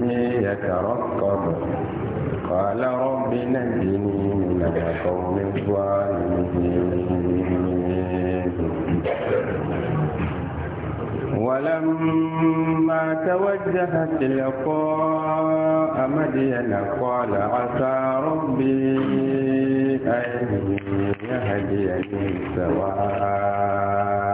يترقب قال رب نجني من القوم الظالمين ولما توجه تلقاء مدين قال عسى ربي أن يهديني سواء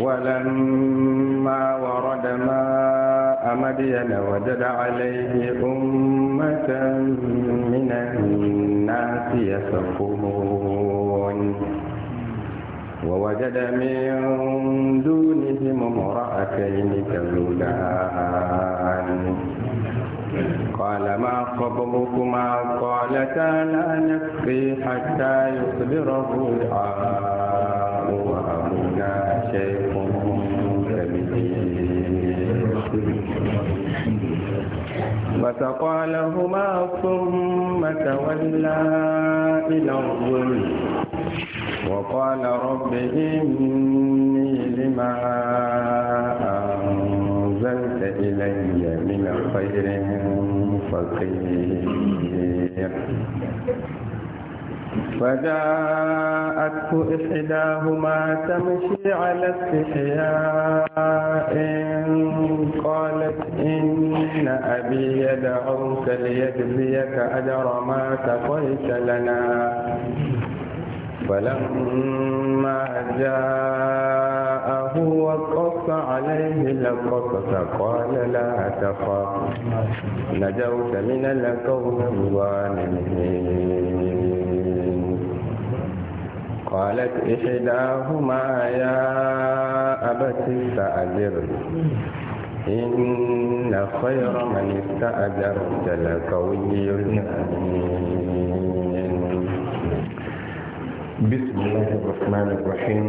ولما ورد ماء مدين وجد عليه أمة من الناس يسقون ووجد من دونهم امرأتين تذودان قال ما قبركما قالتا لا نسقي حتى يصبره الحاء وأبونا شيخ فسقى لهما ثم تولى إلى الظل وقال رب إني لما أنزلت إلي من خير فقير فجاءته إحداهما تمشي على استحياء قالت إن أبي يدعوك ليجزيك أجر ما تقيت لنا فلما جاء له وقص عليه القصص قال لا تخاف نجوت من الكون الظالمين قالت إحداهما يا أبت استأجر إن خير من استأجرت لقوي أمين بسم الله الرحمن الرحيم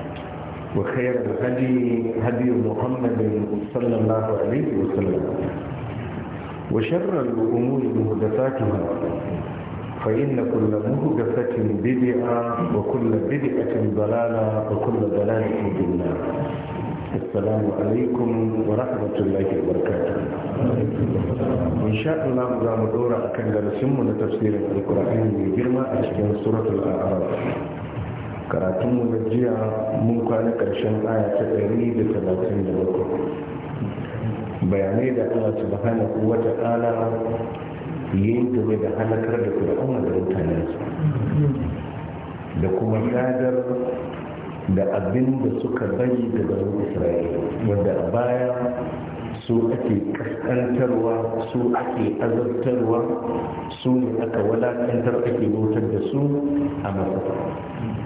وخير الهدي هدي محمد صلى الله عليه وسلم وشر الأمور مهدفاتها فإن كل مهدفة بدعة وكل بدعة ضلالة وكل ضلالة في النار السلام عليكم ورحمة الله وبركاته إن شاء الله دام كان درسمنا تفسير القرآن بجرمة أشكال سورة الأعراف karatun mu na jiya mun kwana ƙarshen aya ta ɗari da talatin da bakwai bayanai da allah subhanahu wa ta'ala yi game da halakar da kuma da su da kuma yadar da abin da suka bari da garin isra'ila wanda a baya su ake kaskantarwa su ake azabtarwa su ne aka wadatantar ake bautar da su a masu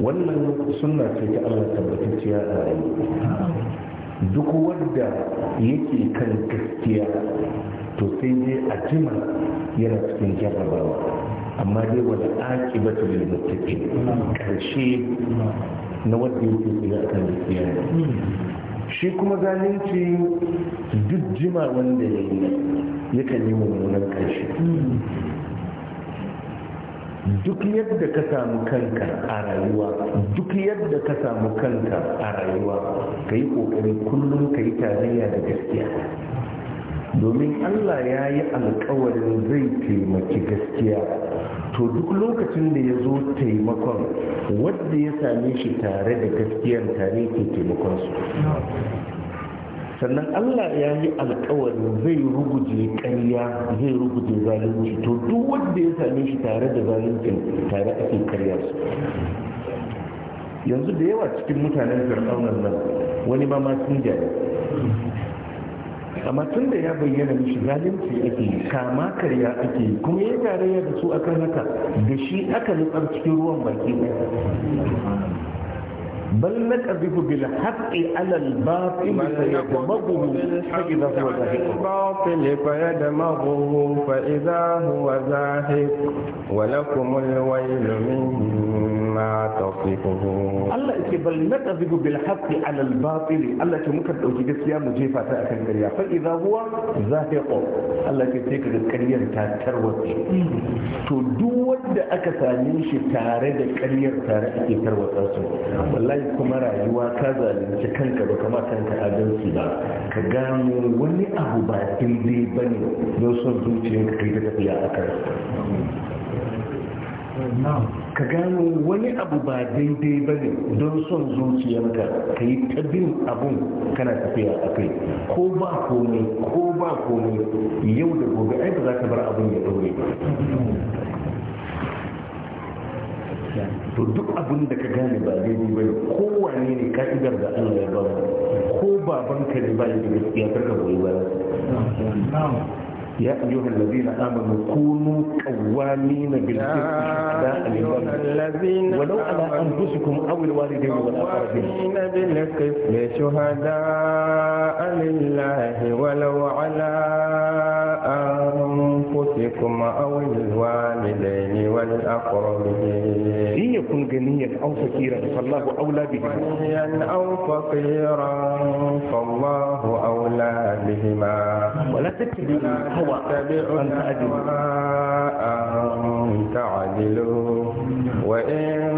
wannan sunna ce ta Allah tabbatacciya a rayu duk wanda yake kan gaskiya to sai dai a jima yana cikin jarrabawa amma dai wani ba ta lil muttaqin karshe na wanda yake tsira a kan gaskiya shi kuma zalunci duk jima wanda ya yi yakan yi mummunan karshe duk yadda ka samu kanka a rayuwa duk yadda ka samu kanka a rayuwa ka yi ƙoƙari kullum ka yi tarayya da gaskiya domin allah ya yi alkawarin zai taimaki gaskiya to duk lokacin da ya zo taimakon wadda ya same shi tare da gaskiyar tare ke taimakon su sannan Allah ya yi alkawarin zai ruguje ƙarya zai ruguje zalunci to duk wanda ya same shi tare da zalunci tare ake karya su yanzu da yawa cikin mutanen fir'aunan nan wani ma ma sun jari amma tun da ya bayyana mishi zalunci ake kama karya ake kuma ya tarayya da su akan haka da shi aka nutsar cikin ruwan baki بل نكذب بالحق على الباطل فيدمغه فإذا هو زاهق الباطل فيدمغه فإذا هو زاهق ولكم الويل مما تصفون الله يقول بل نكذب بالحق على الباطل الله يقول ممكن أوكي جيفة أكن كريا فإذا هو زاهق الله يقول تيك الكريا تتروت تدود أكثر من شتارة الكريا تتروت والله kai kuma rayuwa ka zalunci kanka ba kama kanka adalci ba ka gano wani abu ba daidai ba ne don son ka kai ta tafiya a kan ka gano wani abu ba daidai ba ne don son zuciyarka ka yi ta bin abun kana tafiya a kai ko ba komai ko ba komai yau da gobe ai ba za ka bar abun ya ɗaure ba to duk abin da ka gane ba daidai ba ne kowane ne ka'idar da Allah ya ba ko babanka ne ba da gaskiya karka goyi ba يا أيها الذين آمنوا كونوا قوامين بالقسط شهداء لله ولو على أنفسكم أو الوالدين والأقربين بالقسط شهداء لله ولو على أنفسكم أنفسكم أو الوالدين والأقربين إن يكن غنيا أو فقيرا فالله أولى بهما غنيا أو فقيرا فالله أولى بهما ولا تتبعوا الهوى أن تعدلوا أن تعدلوا وإن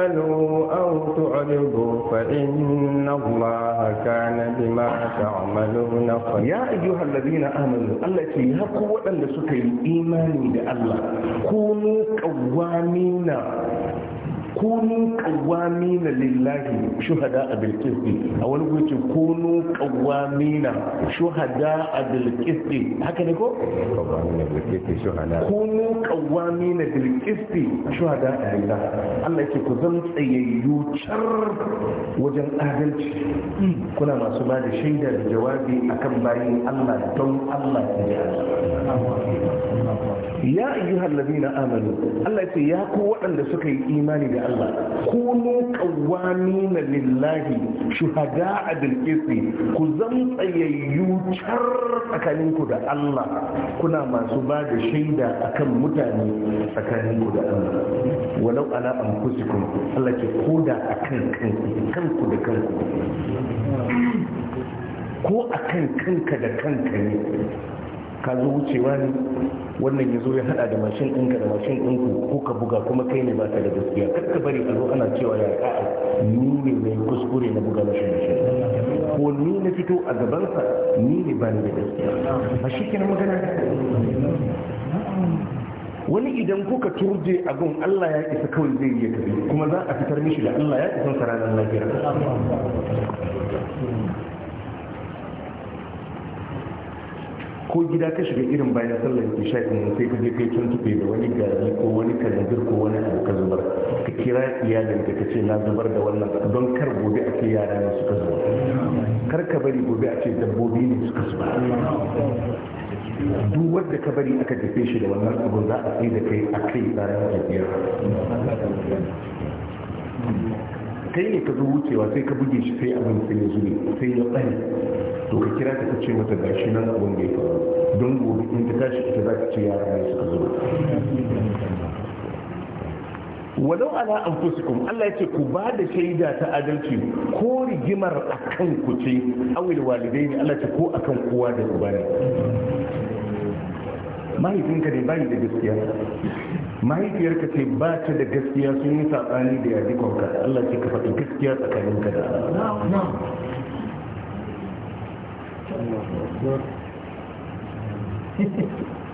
تعجلوا أو تعرضوا فإن الله كان بما تعملون خبيرا يا أيها الذين آمنوا التي يقوى أن سكي إيماني بالله كونوا قوامين kunu qawamina lillahi shuhada a qist a wani gurce kunu qawamina shuhada a qist haka ne ko kunu qawamina bil qist a lillah Allah yake ku zan tsayayyu char wajen adalci kuna masu ba da shaidar jawabi akan bayin Allah don Allah ya ya ayyuhal ladina amanu Allah ya ya ku waɗanda suka yi imani da Allah kunu qawwamina lillahi shuhada adil qisti ku zan tsayayyu char tsakaninku da Allah kuna masu ba da shaida akan mutane tsakaninku da Allah walau ala anfusikum Allah ce koda akan kanku da kanku ko akan kanka da kanka ne ka zo wucewa ne wannan ya zo ya hada da mashin ɗinka da mashin ɗinku ko ka buga kuma kai ne ba ta da gaskiya kar ka bari a zo ana cewa ya ka'a ni ne mai kuskure na buga mashin mashin ko ni na fito a gabansa ni ne ba ni da gaskiya shi kenan magana wani idan kuka turje a gun Allah ya isa kawai zai iya tafi kuma za a fitar mishi da Allah ya isa sa ranar lafiya ko gida ka shiga irin bayan sallar sha din sai ka je kai tuntube da wani gari ko wani kanzir ko wani abu ka zubar ka kira iyalin ka ce na zubar da wannan don kar gobe a ce yara ne suka zuba kar ka bari gobe a ce dabbobi ne suka zuba duk wanda ka bari aka tafe shi da wannan abu za a tsaye da kai a kai tsarin tafiyar kai ne ka zo wucewa sai ka buge shi sai abin sai ya zube sai ya tsaye to ka kira ta ce mata gashi nan abin da ya faru don gobe in ta tashi ita za ka ce yara ne suka zo walau ala anfusikum Allah yace ku ba da shaida ta adalci ko rigimar akan ku ce awil walidaini Allah ce ko akan kowa da ku ne mahaifinka ne bayi da gaskiya mahaifiyarka ce ba ta da gaskiya sun yi saɓani da yadikon Allah ce ka faɗi gaskiya tsakaninka da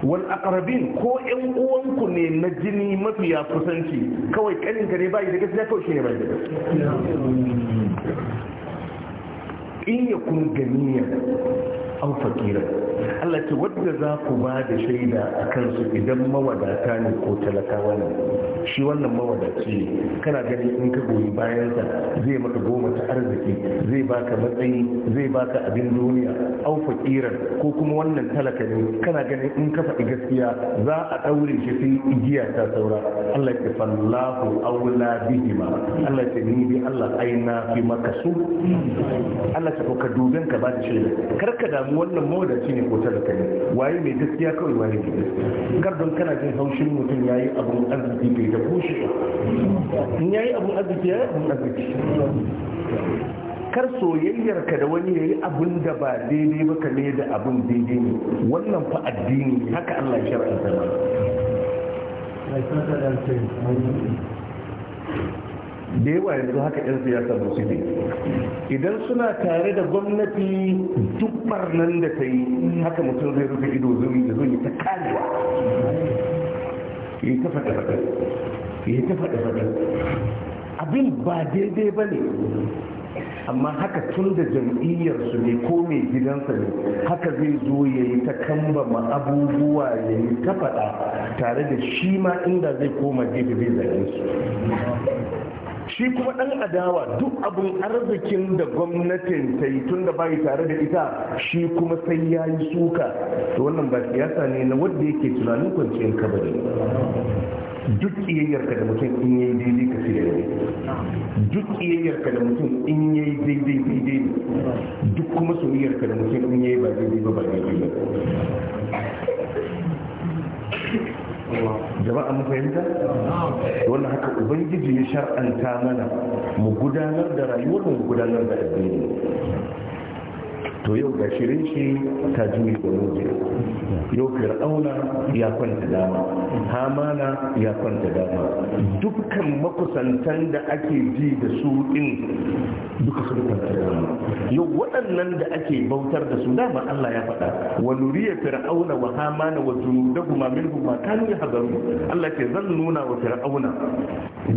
wal akarabin ko ƴan uwanku ne na jini mafiya kusanci kawai kanin gare bayi da gaskiya kawai shine bayi da gaskiya in kun ganiya au fakira Allah ce wanda za ku ba da shaida a kansu idan mawadata ne ko talakawa ne shi wannan mawadaci ne kana gani in ka goyi bayansa zai maka goma ta arziki zai baka matsayi zai baka abin duniya au fakiran ko kuma wannan talaka ne kana ganin in ka faɗi gaskiya za a ɗaure shi sai igiya ta saura Allah ya fallahu aula bihima Allah ya ni bi Allah aina fi makasu Allah ya ka duben ka ba da shaida kar ka damu wannan mawadaci ne ko talaka ne waye mai gaskiya kawai waye mai gaskiya kar don kana jin haushin mutum ya yi abun arziki bai da kushe in ya yi abun arziki ya yi abun arziki kar soyayyar ka da wani yayi abun da ba daidai ba ka ne da abun daidai ne wannan fa addini haka Allah ya shar'anta ba da yawa yanzu haka 'yan siyasa ba su ne idan suna tare da gwamnati duk barnan da ta yi haka mutum zai rufe ido zuri da zuri ta yi ta faɗa faɗa yi ta faɗa faɗa abin ba daidai ba ne amma haka tun da jam'iyyarsu ne ko mai gidansa ne haka zai zo ya yi ta kamba ma abubuwa ya yi ta faɗa tare da shi ma inda zai koma gefe zai zai su shi kuma dan adawa duk abin arzikin da gwamnatin ta yi tun da bayi tare da ita shi kuma sai ya yi suka to wannan ba siyasa ne na wanda yake tunanin kwanciyar kabari duk iyayyarka da mutum in yayi daidai ka sai daidai duk iyayyarka da mutum in yayi daidai daidai duk kuma soyayyarka da mutum in yayi ba daidai ba ba daidai jama'a mu fahimta wannan haka ubangiji ya shar'anta mana mu gudanar da rayuwar mu gudanar da addini to yau ga shirin shi ta juyi da mujiya yau fir'auna ya kwanta dama hamana ya kwanta dama dukkan makusantan da ake ji da su in duka sun kwanta dama yau waɗannan da ake bautar da su dama Allah ya faɗa wa nuriya fir'auna wa hamana wa junudahu ma minhu ma kanu yahzaru Allah ke zan nuna wa fir'auna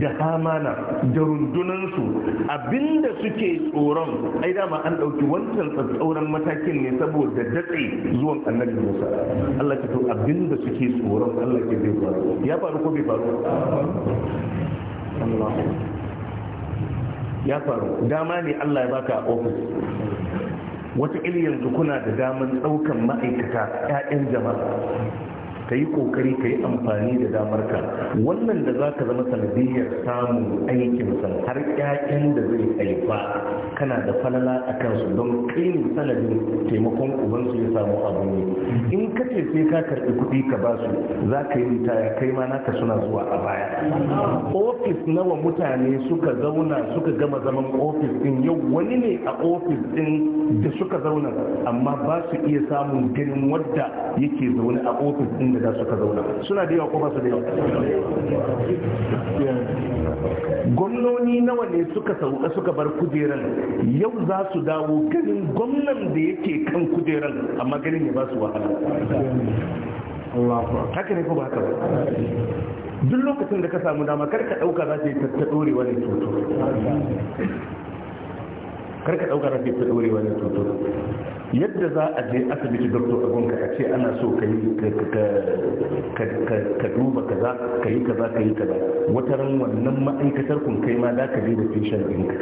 da hamana da rundunansu abinda suke tsoron ai dama an ɗauki wancan tsatsauran wannan matakin ne saboda datse zuwan annabi Musa Allah ya to abinda suke tsoron Allah ke bai faru ya faru ko bai faru ya faru dama ne Allah ya baka a ofis wata yanzu kuna da daman daukan ma'aikata 'ya'yan jama'a ka yi kokari ka yi amfani da damar ka wannan da za ka zama sanadiyyar samun aikin san har ƴaƴan da zai haifa kana da falala a kansu don kai ne sanadin taimakon ubansu ya samu abu ne in ka ce sai ka karɓi kuɗi ka ba su za ka yi ritaya kai ma naka suna zuwa a baya ofis nawa mutane suka zauna suka gama zaman ofis din yau wani ne a ofis din da suka zauna amma ba su iya samun ganin wadda yake zaune a ofis din da da suka zauna suna da yawa ko ba su da yawa gwamnoni nawa ne suka sauka suka bar kujeran yau za su dawo ganin gwamnan da yake kan kujeran amma ganin ya ba su wahala haka ne ko ba haka ba duk lokacin da ka samu dama karka dauka za ta yi ta dorewa ne toto karka dauka za ta yi ta dorewa ne toto yadda za a je asibiti doktor abunka a ce ana so ka yi ka duba kaza ka yi kaza ka yi kaza wata ran wannan ma'aikatar kun kai ma da ka je da patient ɗinka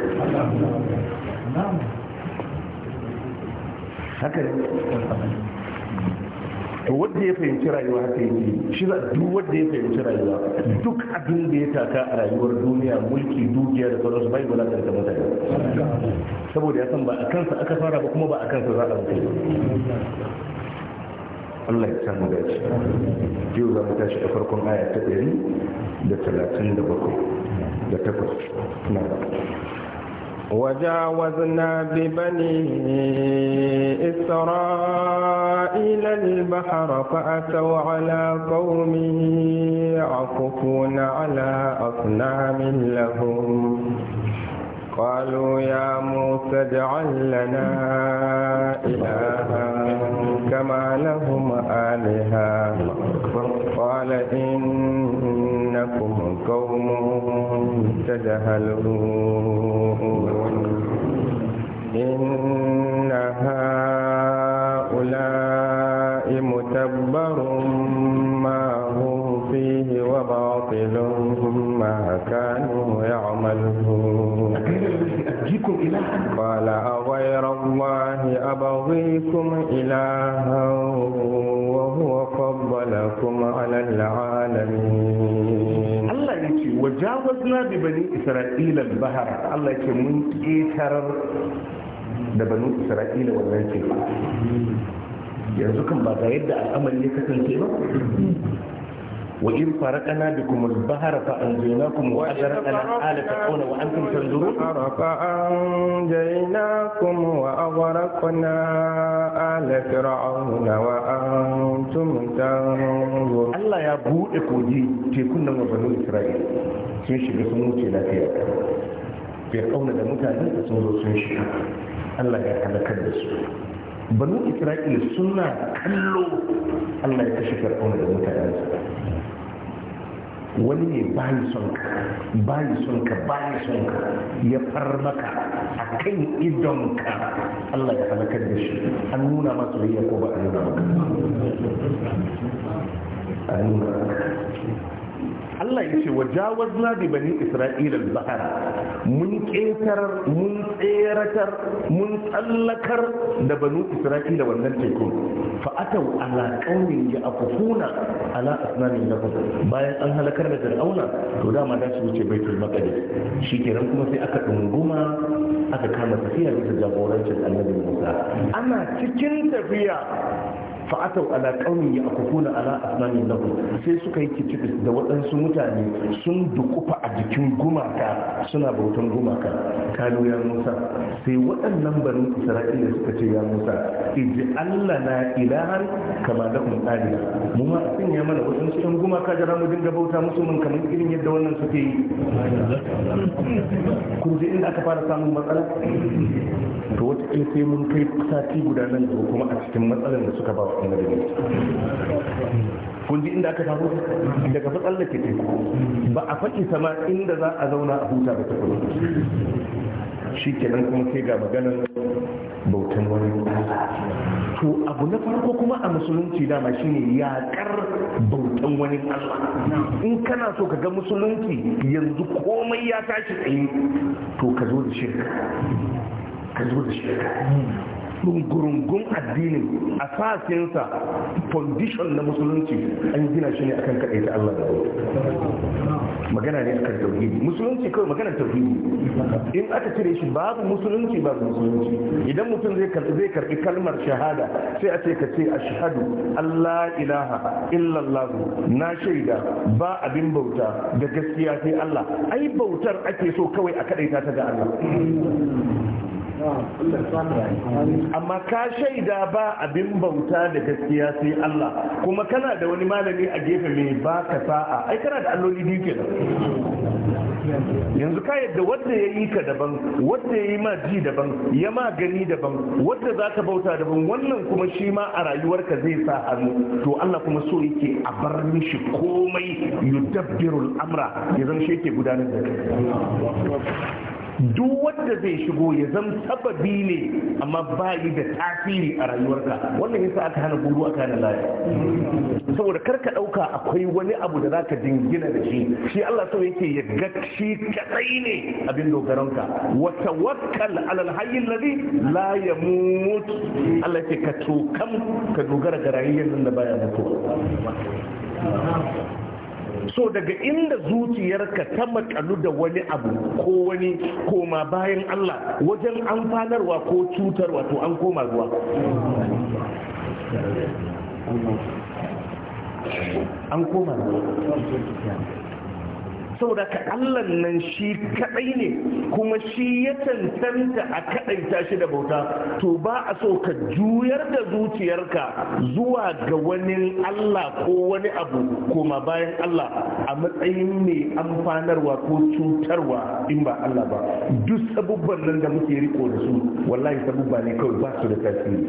haka ne to wanda ya fahimci rayuwa haka yake shi za duk wanda ya fahimci rayuwa duk abin da ya taka a rayuwar duniya mulki dukiya da sauran su bai wala da mutane saboda ya san ba a kansa aka fara ba kuma ba a kansa za a mutu Allah ya samu dace jiyo za mu tashi a farkon aya ta ɗari da talatin da takwas na وجاوزنا ببني إسرائيل البحر فأتوا على قوم يعكفون على أصنام لهم قالوا يا موسى اجعل لنا إلها كما لهم آلهة قال إنكم قوم تجهلون إن هؤلاء متبر ما هم فيه وباطل ما كانوا يعملون قال أغير الله أبغيكم إلها وهو فضلكم على العالمين wa jawazna bi bani isra'ila bahara Allah ke mun ketarar da banin isra'ila wannan teku yanzu kan ba ga yadda al'amari ya kasance ba وإن فرقنا بكم البحر فأنجيناكم وأغرقنا آل فرعون وأنتم تنظرون فأنجيناكم وأغرقنا آل فرعون وأنتم تنظرون الله يا بو إكودي تكون بنو إسرائيل sun shiga sun wuce lafiya fir'auna da mutanen da sun zo sun shiga Allah ya halakar da su banu Isra'il suna kallo Allah ya kashe fir'auna da mutanen wani ne bayi son ka bayi son ka bayi son ka ya far maka a kan idon ka Allah ya halakar da shi an nuna masa soyayya ko ba a nuna maka a nuna maka Allah ya ce wa jawazna da bani isra'ila bahar mun ƙetar mun tseratar mun tsallakar da banu isra'ila wannan teku fa atau ala qaumin yaqfuna ala asnamin lahum bayan an halakar da fir'auna to dama da su wuce baitul maqdis shikenan kuma sai aka dunguma aka kama tafiya bisa jagorancin annabi Musa ana cikin tafiya fa'atau ala qaumin ya'kufuna ala asnamin lahu sai suka yi kitibis da waɗansu mutane sun dukufa a jikin gumaka suna bautan gumaka kalu ya Musa sai waɗannan banin Isra'ila suka ce ya Musa iji Allah na ilahan kama da kun alila mu ma a sanya mana waɗansu ɗan gumaka da mu dinga bauta musu mun kamar irin yadda wannan suke yi kun je inda aka fara samun matsala to wata sai mun kai sati guda nan kuma a cikin matsalar da suka bawa. annabi Musa kun ji inda aka samu daga fa tsallake teku ba a faɗi sama inda za a zauna a huta da tukuru shi kenan kuma sai ga maganar bautan wani to abu na farko kuma a musulunci dama shine yakar bautan wani Allah in kana so ka ga musulunci yanzu komai ya tashi tsaye to ka zo da shirka ka zo da shirka ɗungurungun addinin asasinsa foundation na musulunci an gina shi ne akan kaɗai ta Allah magana ne akan tauhidi musulunci kawai magana tauhidi in aka cire shi babu musulunci babu musulunci idan mutum zai karbi zai karbi kalmar shahada sai a ce ka ce ashhadu Allah ilaha illallah na shaida ba abin bauta da gaskiya sai Allah ai bautar ake so kawai a kaɗai ta ga Allah amma ka shaida ba abin bauta da gaskiya sai Allah kuma kana da wani malami a gefe mai baka sa'a ai kana da alloli biyu ke. yanzu ka yadda wanda ya yi ka daban wanda ya yi ma ji daban ya ma gani daban wanda za ka bauta daban wannan kuma shi ma a rayuwarka zai sa hannu to Allah kuma so yake a bar mishi komai yudabbirul amra ya zama shi yake gudanar da kai duk wanda zai shigo ya zan sababi ne amma ba yi da tasiri a rayuwarka wannan yasa aka hana guru aka hana laya saboda karka dauka akwai wani abu da zaka dingina da shi shi Allah so yake ya ga shi kadai ne abin dogaranka wa tawakkal ala hayy alladhi la yamut Allah yake ka kam ka dogara ga rayuwar da baya mutuwa so daga inda zuciyarka ta makalu da wani abu ko wani koma bayan Allah wajen amfanarwa ko cutarwa to an koma zuwa an koma zuwa saboda ka Allah nan shi kadai ne kuma shi ya cancanta a kadaita shi da bauta to ba a so ka juyar da zuciyarka zuwa ga wani Allah ko wani abu koma bayan Allah a matsayin mai amfanarwa ko cutarwa in ba Allah ba duk sabubban nan da muke riko da su wallahi sabubba ne kawai ba su da tasiri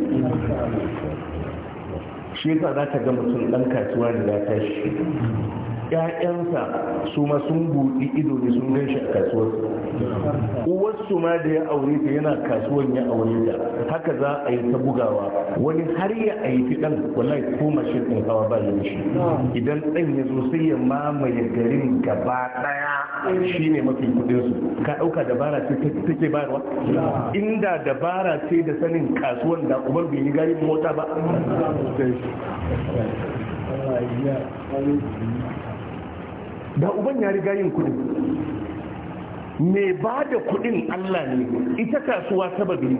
shi yasa za ta ga mutum ɗan kasuwa da ya tashi Ya'yansa su ma sun buɗi ido ne sun gan shi a kasuwar uwarsu ma da ya aure ta yana kasuwar ya aure ta haka za a yi ta bugawa wani har ya aiki ɗan wallahi ko mashin ɗin hawa ba da shi idan ɗan ya zo sai ya mamaye garin gaba ɗaya shi ne mafi kuɗinsu ka ɗauka dabara ce take bayarwa inda dabara ce da sanin kasuwan da uban bai yi gari mota ba da uban ya riga yin kudin mai ba da kudin allah ne ita kasuwa sababi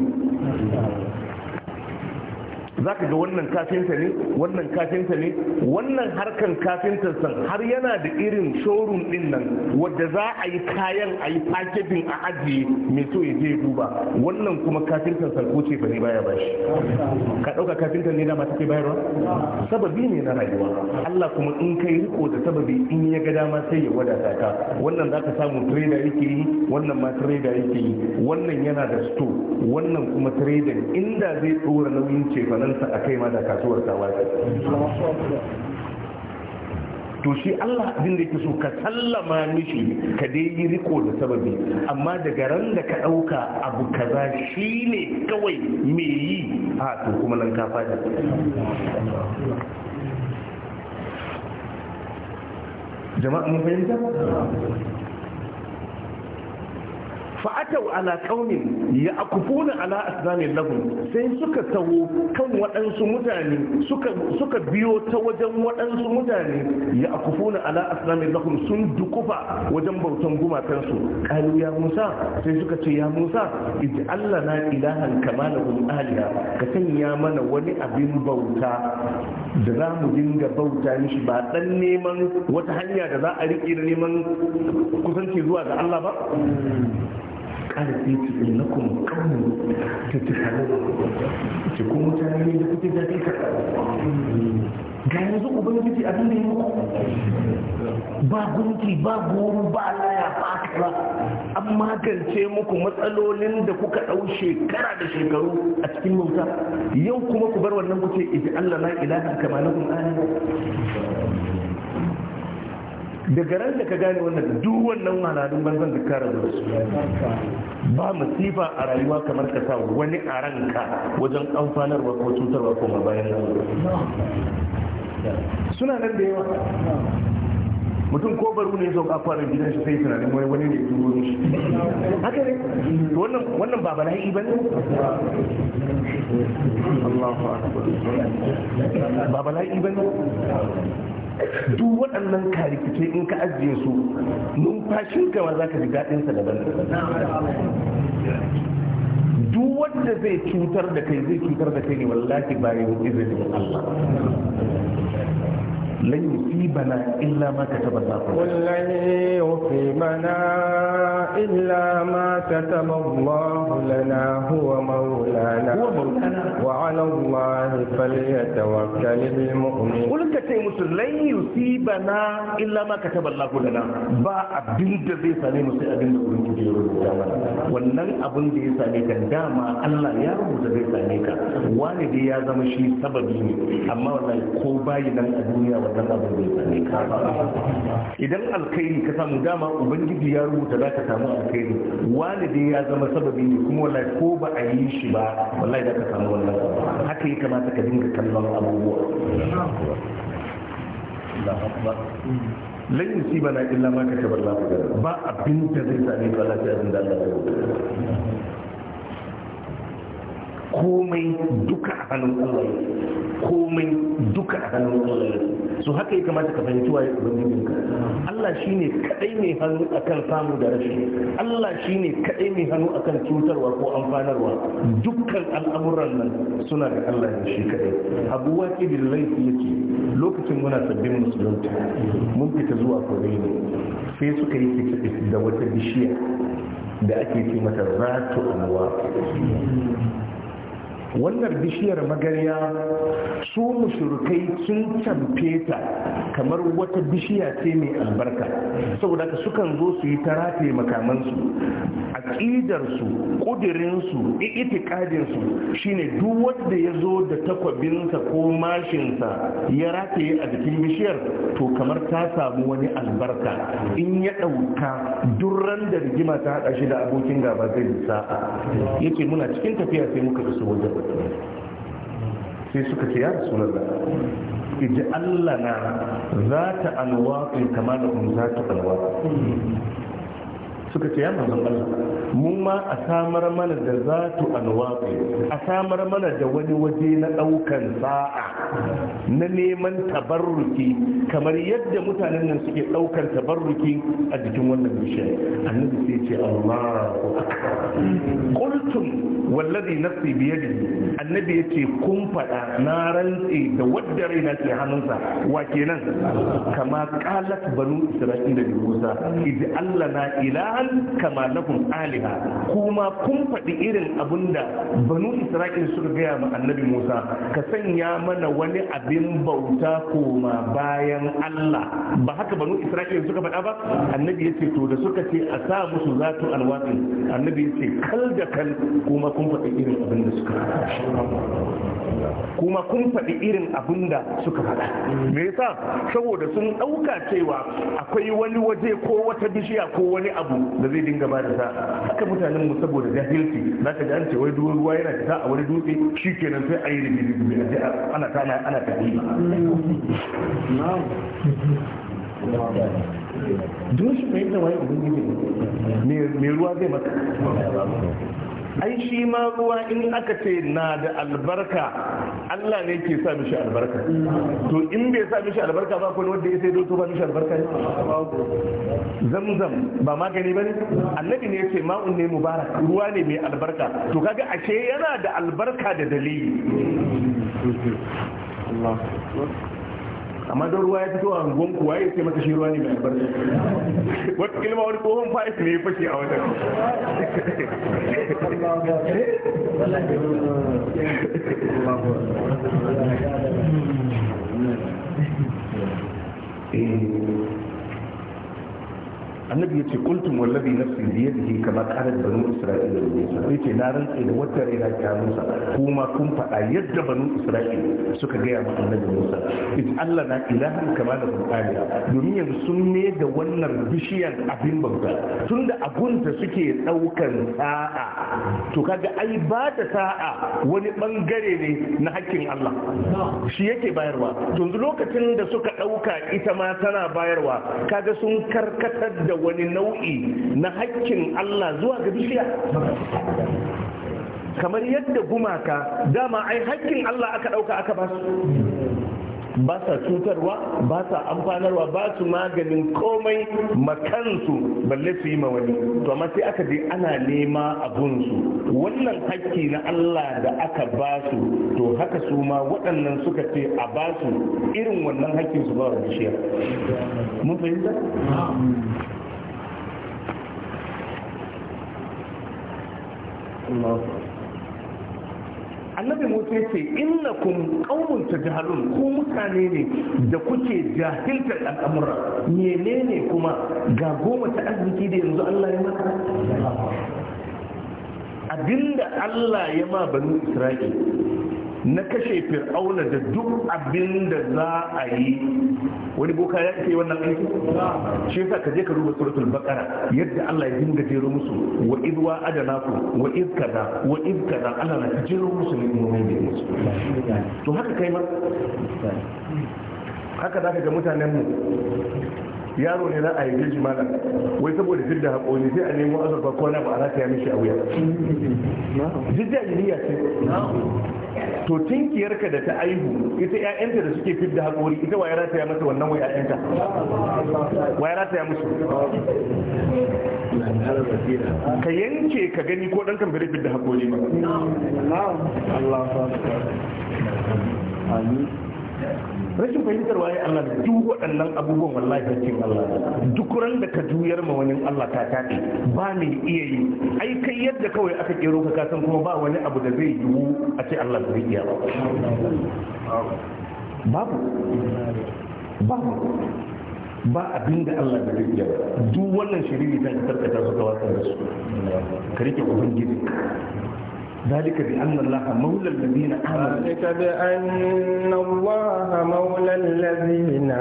za ka ga wannan kafinta ne wannan kafinta ne wannan harkan kafinta san har yana da irin showroom din nan wadda za a yi kayan a yi packaging a ajiye mai so ya je duba wannan kuma kafinta san ko ce bane baya ba shi? ka dauka kafinta ne dama take bayarwa sababi ne na rayuwa Allah kuma in kai riko da sababi in ya ga dama sai ya wadata ka wannan za ka samu trader yake yi wannan ma trader yake yi wannan yana da store wannan kuma trader inda zai dora nauyin cefanen gidansa a kai ma da kasuwar ta wata to shi Allah abin da yake so ka sallama mishi ka dai yi riko da sababi amma daga ran da ka ɗauka abu kaza shi ne kawai me yi a to kuma nan ka fada jama'a mun fahimta fa'atau ala qaumin ya'kufuna ala asnamin lahum sai suka taho kan waɗansu mutane suka biyo ta wajen waɗansu mutane ya'kufuna ala asnamin lahum sun dukufa wajen bautan gumakansu, su ya Musa sai suka ce ya Musa Allah na ilahan kama lahum aliha ka sanya mana wani abin bauta da za mu dinga bauta mishi ba ɗan neman wata hanya da za a riƙe da neman kusanci zuwa ga Allah ba ala sai ki innakum qawmun tattakalaw ki ko mutane ne da kuke da kai ga yanzu ubangiji abin da yake ba gunki ba goro ba laya ba kara an magance muku matsalolin da kuka dau shekara da shekaru a cikin bauta yau kuma ku bar wannan kuce idan Allah na ilaha kama lakum alamin daga ran da ka gane wannan duk wannan wahalhalun banzan da kare da su ba masifa a rayuwa kamar ka sa wani a ranka wajen amfanarwa ko cutarwa ko nan. suna nan da yawa mutum ko baru ne zo kafarin gidan shi sai tunanin wani wani ne turo shi haka ne wannan wannan ba bala'i bane Allahu akbar ba bala'i bane duk waɗannan karikice in ka ajiye su numfashin ka za ka ji sa daban duk wanda zai cutar da kai zai cutar da kai ne wallahi bayan izinin Allah lan yusibana bana ma kataba Allah qul lan yusibana illa ma kataba Allah lana huwa maulana huwa wa ala Allah falyatawakkal almu'min qul ka tay musul lan yusibana illa ma kataba ba abin da zai same mu sai abin da ya rubuta wannan abin da ya same ka dama Allah ya rubuta zai same ka walidi ya zama shi sababi ne amma ko bayi nan a duniya idan alkhairi ka samu dama ubangiji ya rubuta za ka samu alkhairi walide ya zama sababi ne kuma wallahi ko ba a yi shi ba wallahi za ka samu wannan haka ya kamata ka dinga kallon abubuwa lan bana illa ma kashe balla ba abin da zai sami ba lafiya da Allah komai duka a hannun Allah komai duka a hannun Allah su haka ya kamata ka fahimci waye ubangijin ka Allah shine kadai mai hannu akan samu da rashi Allah shine kadai mai hannu akan cutarwa ko amfanarwa dukkan al'amuran nan suna da Allah ne shi kadai Abu Waqi billahi yake lokacin muna sabbin musulunta mun fita zuwa kore ne sai suka yi kitse da wata bishiya da ake ce mata ratu anwa wannan bishiyar magarya su mushrikai sun camfe ta kamar wata bishiya ce mai albarka saboda ka sukan zo su yi ta rafe makamansu aƙidarsu ƙudirinsu itikadinsu shine duk wanda ya zo da takwabinsa ko mashinsa ya rataye a jikin bishiyar to kamar ta samu wani albarka in ya ɗauka durran da rigima ta haɗa shi da abokin gaba zai sa'a yake muna cikin tafiya sai muka iso wajen sai suka ce ya rasu lalla iji allah na za ta alwaƙin kama da kuma za ta alwaƙin suka ce ya manzon Allah mun ma a samar mana da zatu anwaqi a samar mana da wani waje na daukan sa'a na neman tabarruki kamar yadda mutanen nan suke daukan tabarruki a jikin wannan bishiyar? annabi sai ce Allahu akbar qultum wallazi nafsi bi yadihi annabi yace kun fada na rantsi da wadda raina ke hannunsa wa kenan kama qalat banu isra'ila bi Musa Allah na ilaha an kama lakum aliha kuma kun faɗi irin abin da banu isra'il suka gaya ma annabi musa ka sanya mana wani abin bauta koma bayan allah ba haka banu isra'il suka faɗa ba annabi ya ce to da suka ce a sa musu zatu alwatin annabi ya ce kal da kal kuma kun faɗi irin abin da suka kuma kun faɗi irin abin da suka faɗa me yasa saboda sun ɗauka cewa akwai wani waje ko wata bishiya ko wani abu da zai dinga ba da sa'a haka mutanen mu saboda jahilci za ka ji an ce wai duwar ruwa yana fita a wani dutse shi kenan sai a yi da bibi ana ta ana ta Dun shi fahimta wani ubangiji ne mai ruwa zai maka ai shi ma ruwa in aka ce na da albarka Allah ne ke sa mishi albarka to in bai sa mishi albarka ba ko wanda ya sai doto ba mishi albarka ne zamzam ba magani bane annabi ne yace ma'un ne mubarak ruwa ne mai albarka to kaga ashe yana da albarka da dalili amma don ruwa ya fito a gungun kuwa ya ce maka shi ruwa ne mai albarka wata kilma wani tsohon fa'is ne ya fashe a wajen Thank eh, you. annabi ya ce kultum wallabi nafsi bi ke kama qalat banu isra'ila li sa. ya ce na rantse da wata raina ta musa kuma kun faɗa yadda banu isra'ila suka gaya ma annabi musa Ita allah na ilahan kama da qur'ani domin yanzu sun ne da wannan bishiyar abin bauta tunda da suke ɗaukar sa'a to kaga ai ba da sa'a wani bangare ne na hakkin allah shi yake bayarwa to lokacin da suka ɗauka ita ma tana bayarwa kaga sun karkatar da wani nau'i na hakkin Allah zuwa ga bishiya kamar yadda gumaka dama ai hakkin Allah aka ɗauka aka ba su ba sa cutarwa ba sa amfanarwa ba su maganin komai makansu balle su yi ma wani to amma sai aka je ana nema abunsu wannan hakki na Allah da aka ba su to haka su ma waɗannan suka ce a ba su irin wannan hakkin su ba wa bishiyar mun fahimta annabi musa ya ce kun ƙaumunta ta tajhalun ku mutane ne da kuke jahilta al'amura menene kuma ga goma ta arziki da yanzu Allah ya maka abinda Allah ya ma banu Isra'il na kashe fir'auna da duk abin da za a yi wani boka ya ce wannan aiki shi yasa ka je ka duba suratul baqara yadda Allah ya dinga jero musu wa id wa adanaku wa id kaza wa id kaza Allah na jero musu ne mu ne musu to haka kai ma haka zaka ga mutanen mu yaro ne za a yi shi mana, wai saboda jid da ne sai a nemo azurfa ko na ba a rataya mishi a wuya jid da iliya ce to tinkiyarka da ta aihu ita ƴaƴanta da suke fidda haƙori ita waye yi masa wannan wai ƴaƴanta waye yi musu ka yanke ka gani ko dan kan bari fidda haƙori ba rashin fahimtar waye Allah da duk waɗannan abubuwan wallahi hakkin Allah duk ran da ka juyar ma wani Allah ta kaɗe ba ne iya yi ai kai yadda kawai aka kero ka kasan kuma ba wani abu da zai yiwu a ce Allah zai iya ba babu babu ba abin da Allah da rikiya duk wannan shiriri ta karkata su wasa da su ka rike ubangiji ذلك بأن الله مولى الذين آمنوا ذلك بأن الله مولى الذين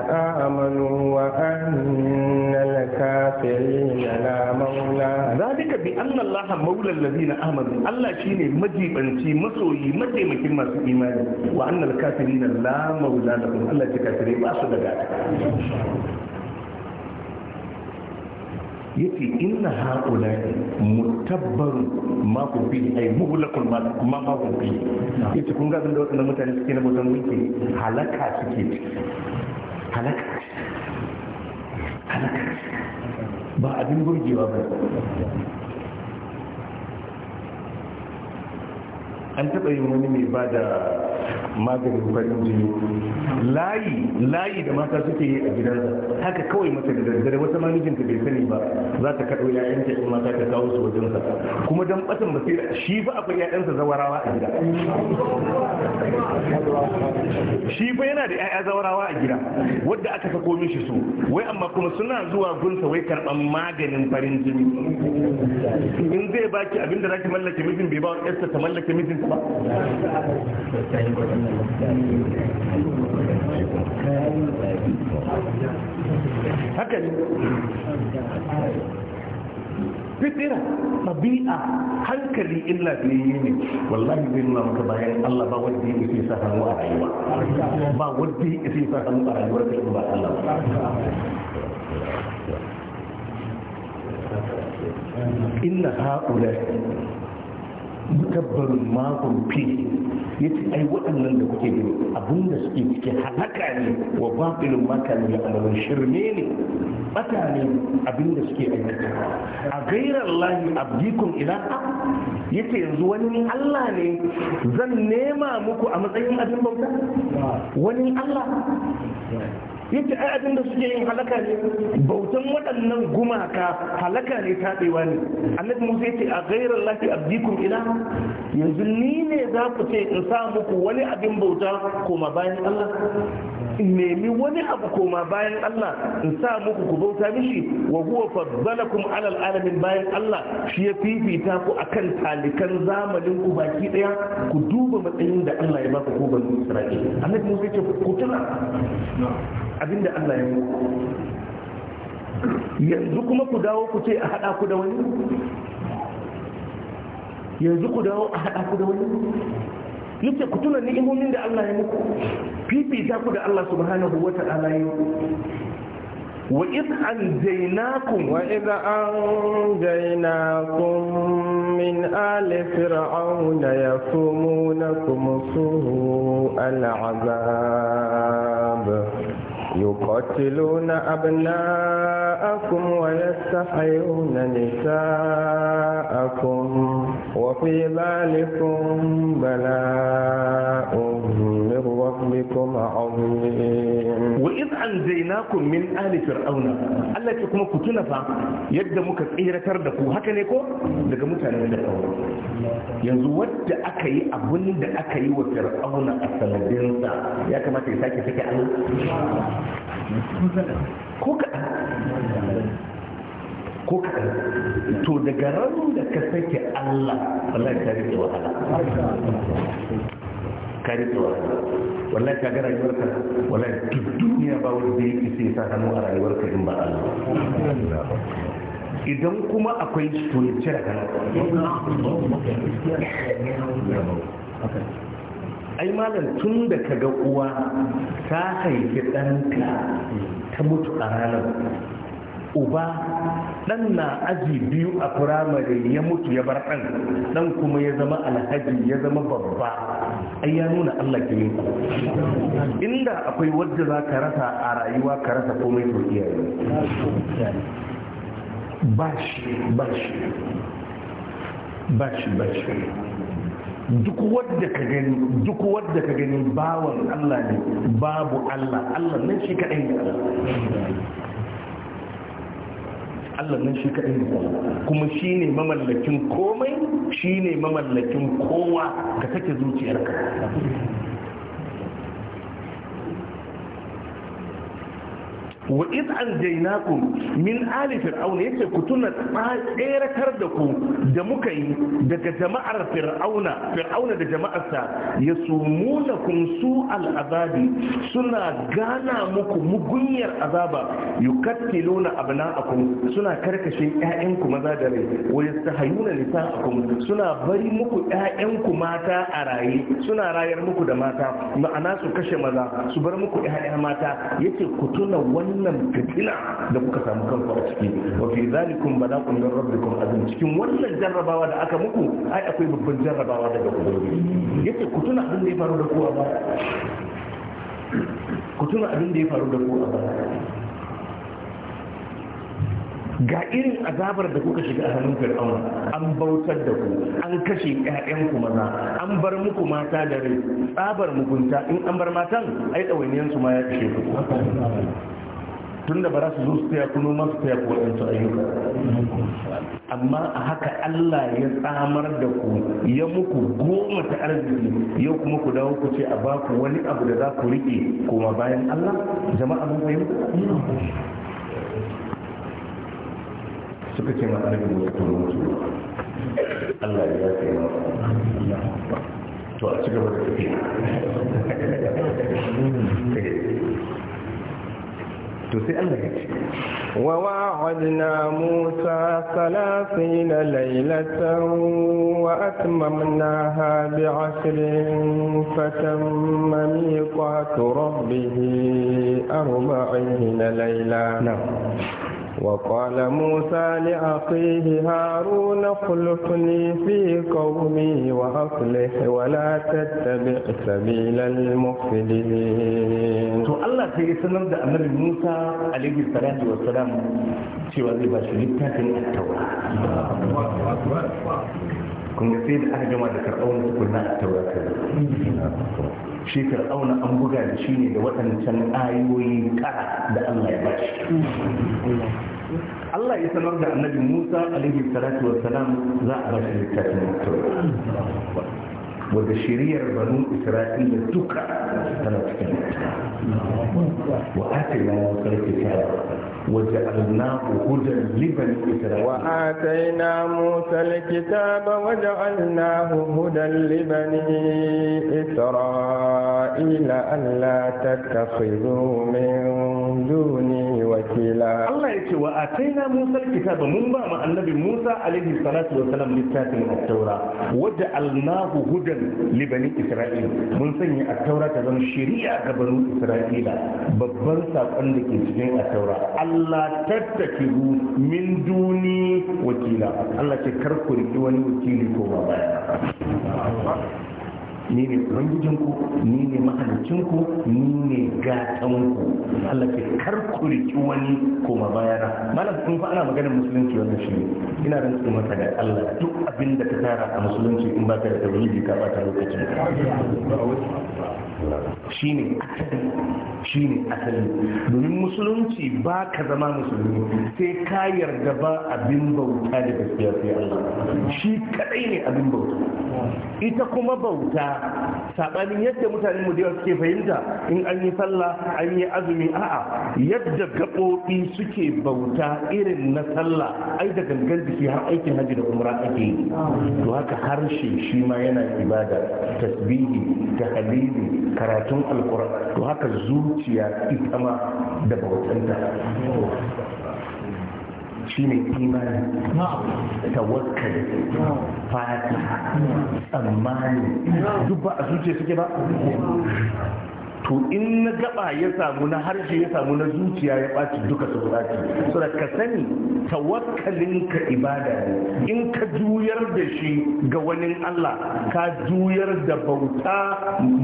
آمنوا وأن الكافرين لا مولى ذلك بأن الله مولى الذين آمنوا الله شيني مجيبا شي مسوي مجيما كما في إيمان وأن الكافرين لا مولى لهم الله كافرين ما صدقاتك yace inna haula mutabbaru ma ku fi ay muhlaqul ma kuma ma ku fi yace kun ga da wannan mutane suke na botan wiki halaka suke halaka halaka ba abin burgewa ba an taɓa yin wani mai ba da maganin farin jini layi layi da mata suke yi a gidan haka kawai mata da daddare wata mamijinta bai sani ba za ta kaɗo ya'yanta in mata ta kawo su wajen sa. kuma dan ɓatan basira shi fa akwai ya'yansa zawarawa a gida shi fa yana da ya'ya zawarawa a gida wadda aka sako mishi su wai amma kuma suna zuwa gunsa wai karɓan maganin farin jini in zai baki abinda zaki mallake mijin bai ba wa ta mallake mijin ba haka ne fitira tabi'a hankali in lafiyayye ne wallahi zai nuna maka bayan Allah ba wanda ya isa sa hannu a rayuwa ba wanda ya isa sa hannu a rayuwar ka ba Allah inna ha'ula dabbarin makon fi ya ce ai waɗannan da kuke gani abinda suke cikin halaka ne wa baƙilin makani ya amalin shirme ne ɓata ne abinda suke aikata a gairar lahi abdikun ilaha ya ce yanzu wani allah ne zan nema muku a matsayin abin bauta wani allah yadda ai abin da suke yin halaka ne bautan waɗannan gumaka halaka ne ta ɗewa ne annabi musa ce, a gairar lafi abdikun ila yanzu ni ne za ku ce in sa muku wani abin bauta koma bayan Allah nemi wani abu koma bayan Allah in sa muku ku bauta mishi wa huwa faddalakum alal alamin bayan Allah shi ya fifita ku akan talikan zamanin ku baki daya ku duba matsayin da Allah ya baka ku ban Isra'ila annabi Musa ya ce ku tuna abinda Allah ya yi yanzu kuma ku dawo ku ce a hada ku da wani yanzu ku dawo a hada ku da wani yake ku tuna ni'imomin da Allah ya muku fifita ku da Allah subhanahu wa ta'ala ya wa idh anjaynakum wa idh anjaynakum min ali fir'auna yasumunakum su'a al'azab يقتلون أبناءكم ويستحيون نساءكم وفي ذلكم بلاء من ربكم عظيم anjaynakum min ali fir'auna Allah ce kuma ku tuna fa yadda muka tsiratar da ku haka ne ko daga mutanen da fir'auna yanzu wadda aka yi abun da aka yi wa fir'auna a sanadinsa ya kamata ya sake sake alu ko kaɗan ko kaɗan to daga ran da ka sake Allah Allah ya tare wahala kari rike wa wallahi ka ga ka wallahi duk duniya ba wani zai yake sai sa hannu a ka in ba Allah idan kuma akwai to ya cire kana ai malam tun da ka ga uwa ta haifi ɗanka ta mutu a ranar uba dan na aji biyu a firamare ya mutu ya bar dan, dan kuma ya zama alhaji ya zama babba ai ya nuna Allah ke yin inda akwai wanda za rasa a rayuwa ka rasa komai to iyaye ba shi ba shi ba shi ba shi duk wadda ka gani duk wadda ka gani bawan Allah ne babu Allah Allah ne shi kadai ne Allah Allah nan shi kaɗai kuma shi ne mamallakin komai shi ne mamallakin kowa ga kake zuciyarka wa iz anjaynakum min ali fir'auna yace ku tuna tseratar da ku da muka yi daga jama'ar fir'auna fir'auna da jama'arsa yasumunakum su al'azabi suna gana muku mugunyar azaba yukattiluna abna'akum suna karkashe ƴaƴanku maza da rai wa yastahayuna nisa'akum suna bari muku ƴaƴanku mata a raye suna rayar muku da mata ma'ana su kashe maza su bar muku ƴaƴan mata yace ku tuna wannan wannan fitila da kuka samu kanku a ciki wa fi zalikum balaqun min rabbikum azim cikin wannan jarrabawa da aka muku ai akwai babban jarrabawa daga ubangiji yace ku tuna abin da ya faru da ku a baya ku tuna abin da ya faru da ku a baya ga irin azabar da kuka shiga a hannun fir'aun an bautar da ku an kashe ƴaƴanku maza an bar muku mata da rai tsabar mugunta in an bar matan ai ɗawainiyansu ma ya kashe ku tun da ba za su zo su taya kuno masu taya ku waɗansu ayyuka amma a haka Allah ya tsamar da ku ya muku goma ta arziki yau kuma ku dawo ku ce a ba ku wani abu da za ku riƙe koma bayan Allah jama'a mun fahimta suka ce ma annabi musu turu musu Allah ya yi masa to a cigaba da tafiya to sai Allah ya ce wa wa'adna Musa salasina laylatan wa atmamnaha bi ashrin fatamma miqatu rabbih arba'ina layla وقال موسى لأخيه هارون اخلفني في قومي وأصلح ولا تتبع سبيل المفسدين to Allah sai ya sanar da annabi Musa alaihi salatu wassalam cewa zai ba shi littafin at-Taura kun ga da da shi fir'auna an buga da shi ne da waɗancan ayoyi kara da Allah ya bashi Allah ya sanar da annabi Musa alaihi salatu wa salam za a bashi littafin Taurat wadda بنو إسرائيل isra'ila duka tana cikin wa وجعلناه هدى لبني إسرائيل وآتينا موسى الكتاب وجعلناه هدى لبني إسرائيل ألا تتخذوا من دوني وكيلا الله يقول وآتينا موسى الكتاب من بعد النبي موسى عليه الصلاة والسلام من التوراة وجعلناه هدى li isra'il mun sanya a taura ta zama shari'a ga isra'ila babban saƙon da ke cikin a taura Allah tattakiru min duni wakila Allah ce kar ku riki wani wakili ko ba baya ni ne ubangijinku ni ne mahalicinku ni ne gatanku Allah ke karkuri wani koma bayana malam kun fa ana maganar musulunci wanda shi ina ran su mata da Allah duk abin da ka tara a musulunci in ba baka da tauhidi ka ba ta lokacin shi ne asali shi domin musulunci ba ka zama musulmi sai ka yarda ba abin bauta da gaskiya sai Allah shi kadai ne abin bauta ita kuma bauta sabanin yadda mutane mu da suke fahimta in an yi sallah an yi azumi a'a yadda gaɓoɓi suke bauta irin na sallah ai da gangan jiki har aikin hajji da umra ake yi to haka harshe shi ma yana ibada tasbihi tahlili karatun alkur'ani to haka zuciya ita ma da bautanta shi ne imani tawakkali fata tsammani duk ba a zuciya suke ba to in na gaba ya samu na harshe ya samu na zuciya ya ɓaci duka su ɓaci so da ka sani tawakkalin ka ibada ne in ka juyar da shi ga wani Allah ka juyar da bauta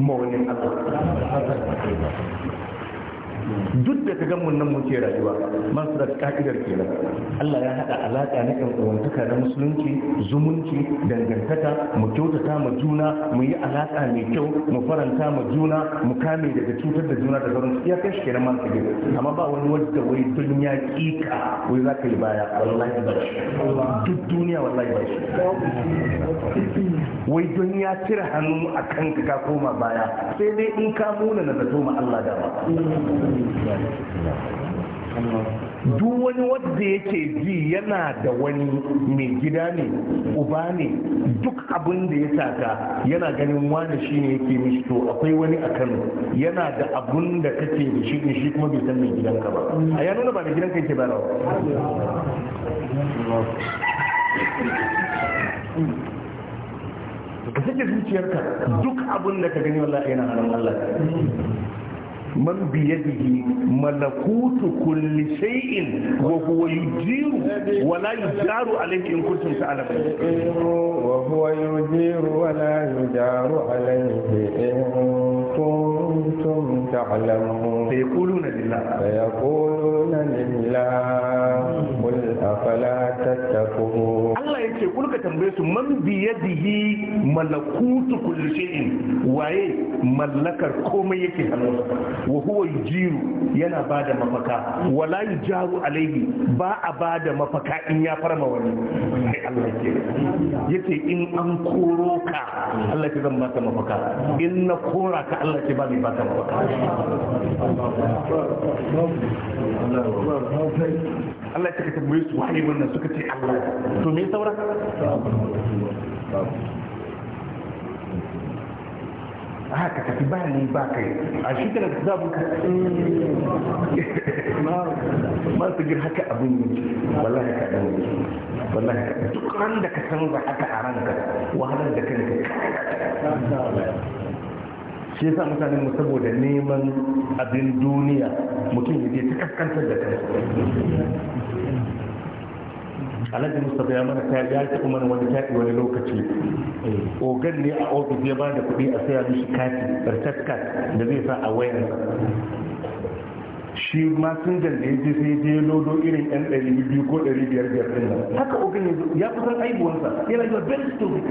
ma wani Allah duk da ka gamun nan muke rayuwa masu da ka'idar nan Allah ya haɗa alaƙa na kan na musulunci zumunci dangantaka mu kyautata mu juna mu yi alaƙa mai kyau mu faranta mu juna mu kame daga cutar da juna da su ya kai kenan masu gida amma ba wani wadda wai don ya ƙiƙa wai za ka yi baya wallahi ba shi duk duniya wallahi ba wai don ya cire hannu a kanka ka koma baya sai dai in ka muna na zato ma Allah da ba duk wani wadda yake ji yana da wani mai gida ne uba ne duk abin da ya taka yana ganin wani shi ne yake mishi to akwai wani a kano yana da abun da kake da shi shi kuma bai san mai gidanka ba a ya nuna ba mai gidanka yake ba rawa ka sake zuciyarka duk abin da ka gani wallahi yana hannun Allah من بيده ملكوت كل شيء وهو يجير ولا يجار عليه إن كنتم تعلمون وهو يجير ولا يجار عليه إن كنتم تعلمون فيقولون لله فيقولون لله قل أفلا تتقون kulka tambaye su man yadihi malakutu kulli shay'in waye mallakar komai yake hannu wa huwa yujiru yana bada mafaka wala yujaru alaihi ba a bada mafaka in ya farma wani sai Allah ke yace in an koro ka Allah ke zan maka mafaka in na kora ka Allah ke ba mai baka mafaka Allah ya ka tambaye su wani wannan suka ce Allah to me saura haka tafi ba ni ba kai a shi kana da zamu ka ma su gir haka abin yi wallahi ka dan wallahi ka duk ran da ka san haka a ranka wahalar da kanka shi yasa mutanen mu saboda neman abin duniya mutum ya ta kaskantar da kai alhaji mustapha ya mana ta ya taɓa mana wani kyaɗi wani lokaci ogan ne a ofis ya ba da kuɗi a saya mishi kati da zai sa a wayar shi masinjan da ya je sai je lodo irin yan ɗari biyu ko ɗari biyar biyar ɗin nan haka yanzu ya san aibuwansa yana yi very stupid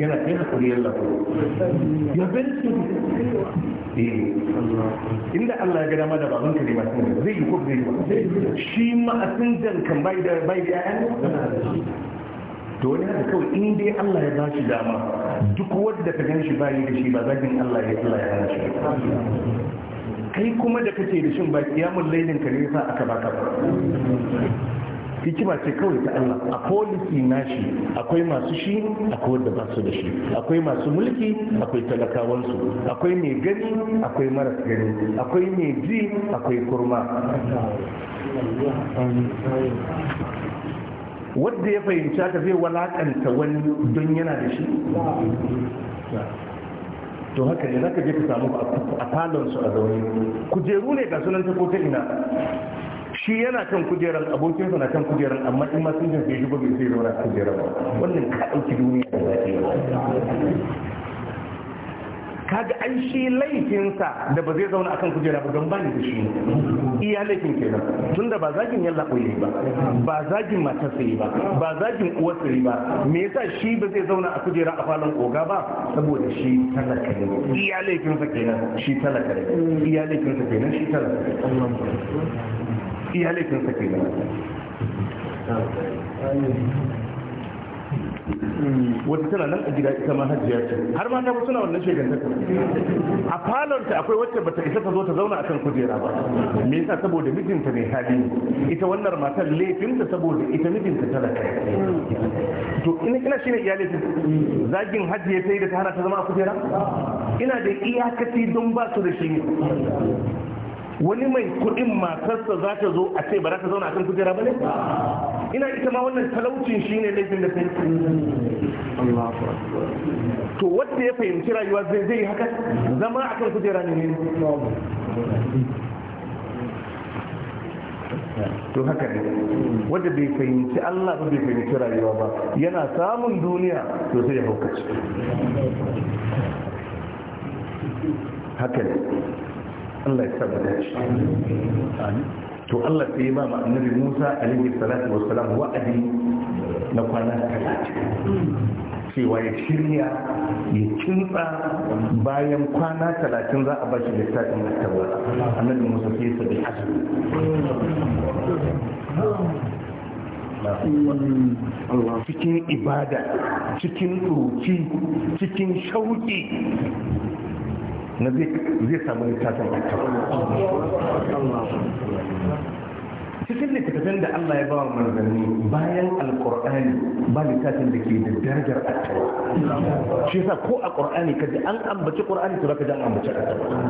yana kai hakuri yalla ya very stupid inda Allah ya gada ma da babanka ne masinjan zai yi ko zai yi ba shi jan kan bai da bai da ƴaƴan to wani haka kawai in dai Allah ya bashi dama duk wadda ka gan shi bayi da shi ba zagin Allah ya Allah ya hana shi kai kuma da kake da shin ba kiyamun lailin ka ne yasa aka baka ba hikima ce kawai ta Allah a policy na shi akwai masu shi akwai wanda ba su da shi akwai masu mulki akwai talakawansu akwai mai gani akwai maras gani akwai mai ji akwai kurma Wanda ya fahimci ka zai walakanta wani don yana da shi to haka ne zaka je ka samu a falon su a zaune kujeru ne ga sunan ta ta ina shi yana kan kujeran abokin sa na kan kujeran amma in ma sun jinsa ya shigo bai sai zauna kujeran ba wannan ka dauki duniya da zaki kaga an shi laifinsa da ba zai zauna akan kujera ba don bani da shi iya laifin kenan tunda ba zagin yalla koyi ba ba zagin matar sai ba ba zagin uwar sai ba me yasa shi ba zai zauna a kujera a falon koga ba saboda shi talaka ne iya laifinsa kenan shi talaka ne iya laifinsa kenan shi talaka ne iya laifinsa nan wata tana nan a gida ita ma hajiya ce har ma ta fi suna wannan ta a falonta akwai wacce bata isa ta zo ta zauna akan kujera ba me yasa saboda mijinta ne hali ita wannan matar laifinta saboda ita mijinta tana kai to ina ina shine iyalin zagin hajiya ta yi da ta hana ta zama a kujera ina da iyakaci don ba su da shi wani mai kuɗin matarsa za ta zo a ce ba za ta zauna akan kujera ba ne ina ita ma wannan talaucin shi ne laifin da sai to wanda ya fahimci rayuwa zai zai haka zama kan kujera ne to haka ne wanda bai fahimci Allah ba bai fahimci rayuwa ba yana samun duniya to sai ya ci haka ne Allah ya sabu da shi to Allah sai ba ma annabi Musa alaihi salatu wassalam wa'adi na kwana talatin. cewa ya shirya ya kintsa bayan kwana talatin za a bashi littafin tabbata annabi Musa sai ya bi azumi hmm. cikin ibada cikin tsoki cikin shauki na zai samu littafin cikin littattafan da Allah ya ba wa manzanni bayan alkur'ani ba littafin da ke da darajar attawa shi yasa ko a ƙur'ani ka ji an ambaci ƙurani to ka ji an ambaci attawa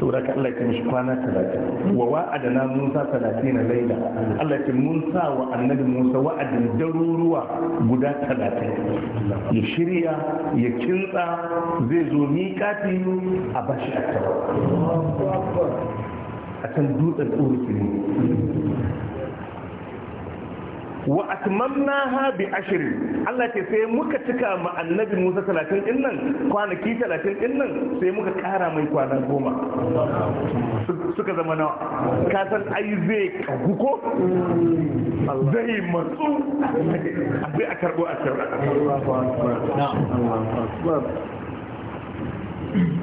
saboda ka Allah ya mishi kwana talatin wa wa'adana Musa talatin laila Allah ya mun sa wa annabi Musa wa'adin daruruwa guda talatin ya shirya ya kintsa zai zo kafi a bashi a can dutsen tsoro ne wa ha bi ashrin Allah ce sai muka cika ma annabi Musa 30 din nan kwanaki 30 din nan sai muka kara mai kwana goma suka zama nawa ka san ai zai kagu ko zai matsu abai a karbo a karbo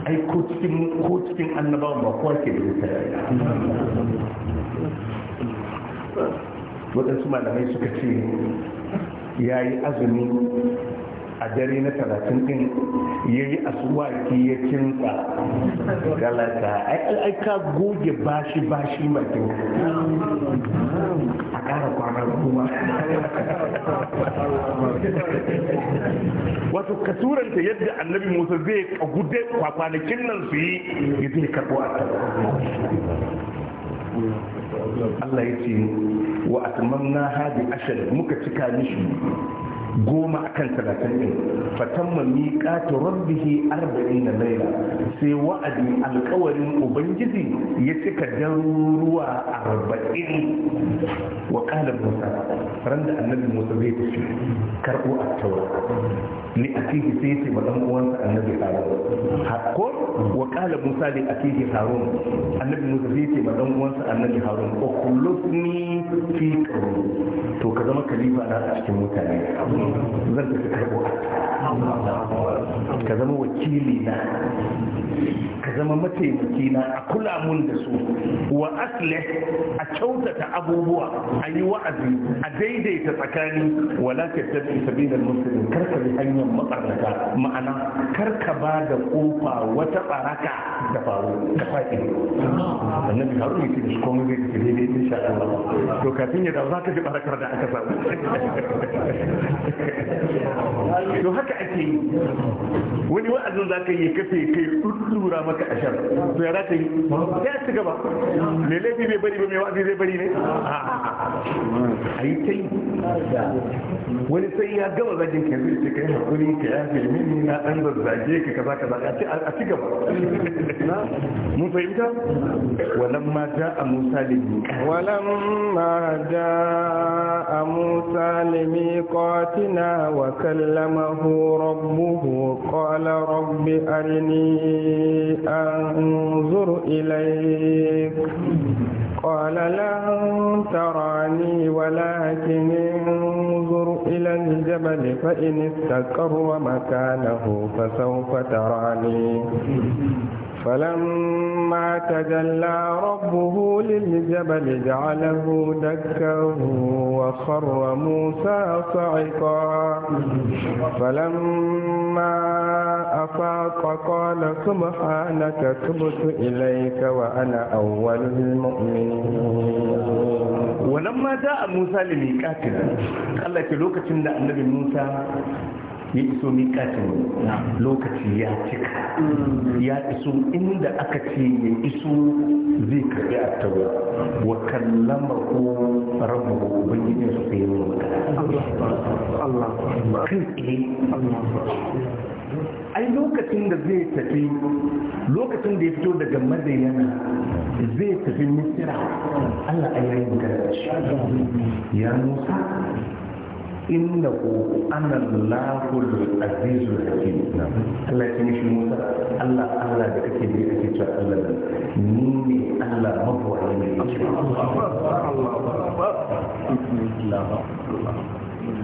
ai ko cikin ko cikin annabawan ba kowa ke da wuta waɗansu malamai suka ce ya yi azumi a dare na talatin ɗin ya yi asuwaki ya cinta galata ai ka goge bashi bashi mutum a ƙara kwanar kuma wato ka turanta yadda annabi musa zai kagude kwanakin nan su yi ya zai karɓo a Allah ya ce wa atmamna hadi ashar muka cika mishi goma akan talatin din fatamma miqatu rabbihi arba'ina laila sai wa'adi alƙawarin ubangiji ya cika daruruwa arba'in wa qala musa ran da annabi musa zai tafi karbo a taura ni akihi sai ce madan uwansa annabi harun hakko wa qala musa li akihi harun annabi musa zai ce madan uwansa annabi harun ni fi qawmi to ka zama khalifa na a cikin mutane zan tafi karɓo ka zama wakili na ka zama mataimaki na a kula mun da su wa asle a kyautata abubuwa a yi wa'azi a daidaita tsakani wala ka tafi sabilan musulmi karka bi hanyar matsarnata ma'ana karka ba da kofa wata baraka da faru ka faɗi annabi haru ne cikin komai zai tafi daidai insha Allah to kafin ya dawo za ka ji barakar da aka samu to haka ake yi wani wa'azin za ka yi kafe kai lura maka a shar to ya za ka yi ya ci gaba mai laifi bai bari ba mai wa'azi zai bari ne a yi ta yi wani sai ya gama zagin ka zai ce kai hakuri ka ya fi mini na ɗan zazzage ka kaza kaza a ci gaba mun fahimta walamma ja'a musa limin walamma ja'a musa limin qatina wa kallamahu rabbuhu qala قال رب أرني أنظر إليك قال لن تراني ولكن انظر إلى الجبل فإن استقر مكانه فسوف تراني فلما تجلى ربه للجبل جعله دكا وخر موسى صعقا فلما أفاق قال سبحانك تبت إليك وأنا أول المؤمنين ولما جاء موسى لميقاتنا قال لك لوكة النبي موسى ya iso miƙatin lokaci ya cika ya iso inda aka ce ya iso zai karɓi a tawa wa kallama ko rabu ko ubangijin su sai yi wa kai ai lokacin da zai tafi lokacin da ya fito daga madayana zai tafi misira Allah ya yi shi ya musa innahu anallahu al-azizul hakim Allah ya mishi Musa Allah Allah da kake bi kake cewa Allah ni ne Allah mabawai ne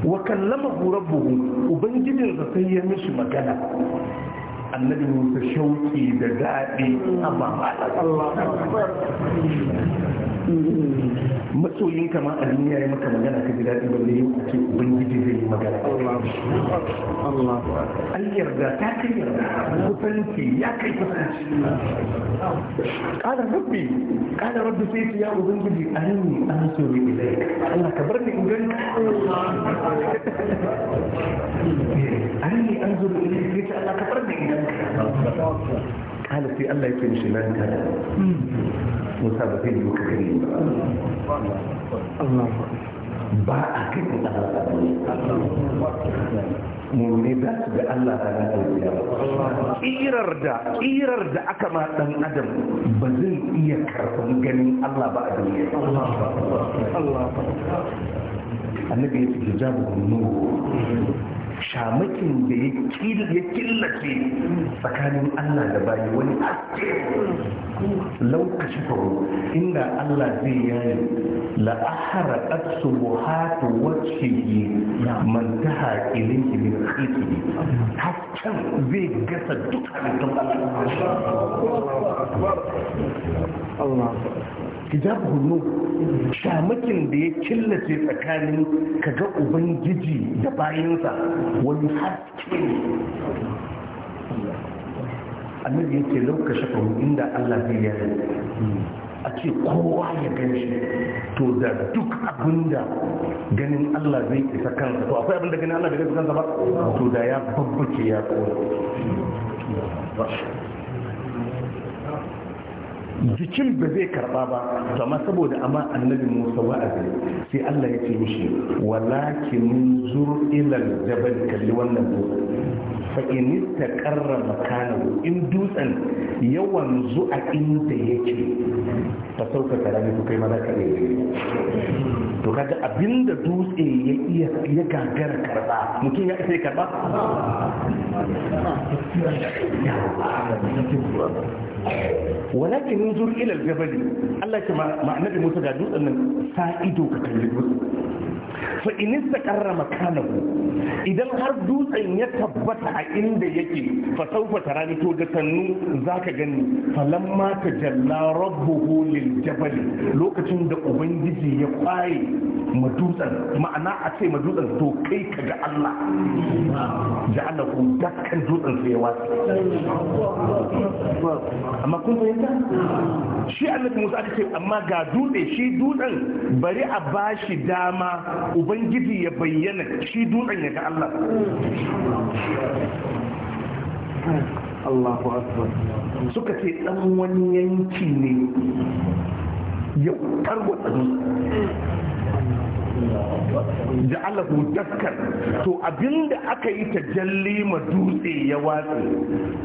wa kallamahu rabbuhu ubangijin sa sai ya mishi magana annabi musa shauki da daɗi matsoyin kama a duniya ya maka magana ka ji daɗi balle yau a ce ubangiji zai yi magana an yarda ta kai yarda kusanci ya kai kusanci ƙada rabbi ƙada rabbi sai ya ubangiji arini an sori ilai Allah ka bar ni in gani arini an sori ilai sai Allah ka bar ni in gani kala sai Allah ya ce mishi nan ka Musa ba ba a kai kun a harsa ne za su ga Allah ta na tafiya ƙirar da ƙirar da aka ma ɗan adam ba zai iya karɓar ganin Allah ba a duniya annabi ya fi hijabu nuru shamakin da ya killace tsakanin Allah da bayi wani haske laukashi faru inda Allah zai yayi la'ahara ƙatsu buhatu wacce yi mantaha ilin ilin haiti hasken zai gasa duk halittun Allah hijab hulu shamakin da ya killace tsakanin ka ga ubangiji da bayansa wani haske annabi ce lauka shafahu inda Allah zai yi a ce kowa ya gan shi to da duk abinda ganin Allah zai isa kansa to akwai abinda ganin Allah zai isa kansa ba to da ya babbake ya kowa jikin ba zai karba ba to amma saboda amma annabi Musa wa'azi sai Allah ya ce mishi walakin zur ila jabal kalli wannan dutse fa'in ta ƙarraba kanawo in dutsen yawan zuwa inda yake ta sauka karami ku kai ma za ka iya yi to kaga abinda dutse ya iya ya gagara karba mutum ya isa ya karba walakin zur ila aljabali Allah ya ma'anar Musa ga dutsen nan sa ido ka kalli dutsen fa in istaqarra makanahu idan har dutsen ya tabbata a inda yake fa saufa tarani to da sannu zaka gani ta jalla rabbuhu lil jabal lokacin da ubangiji ya kwaye ma dutsen ma'ana a ce ma dutsen to kai ka ga Allah Allah ku dakkan dutsen sai ya wasu amma kun fahimta shi annabi Musa aka ce amma ga dutse shi dutsen bari a bashi dama ubangiji ya bayyana shi dutsen ya ga Allah Allahu akbar suka ce dan wani yanki ne ya da ja'alahu daskar to abinda aka yi tajalli ma dutse ya watsi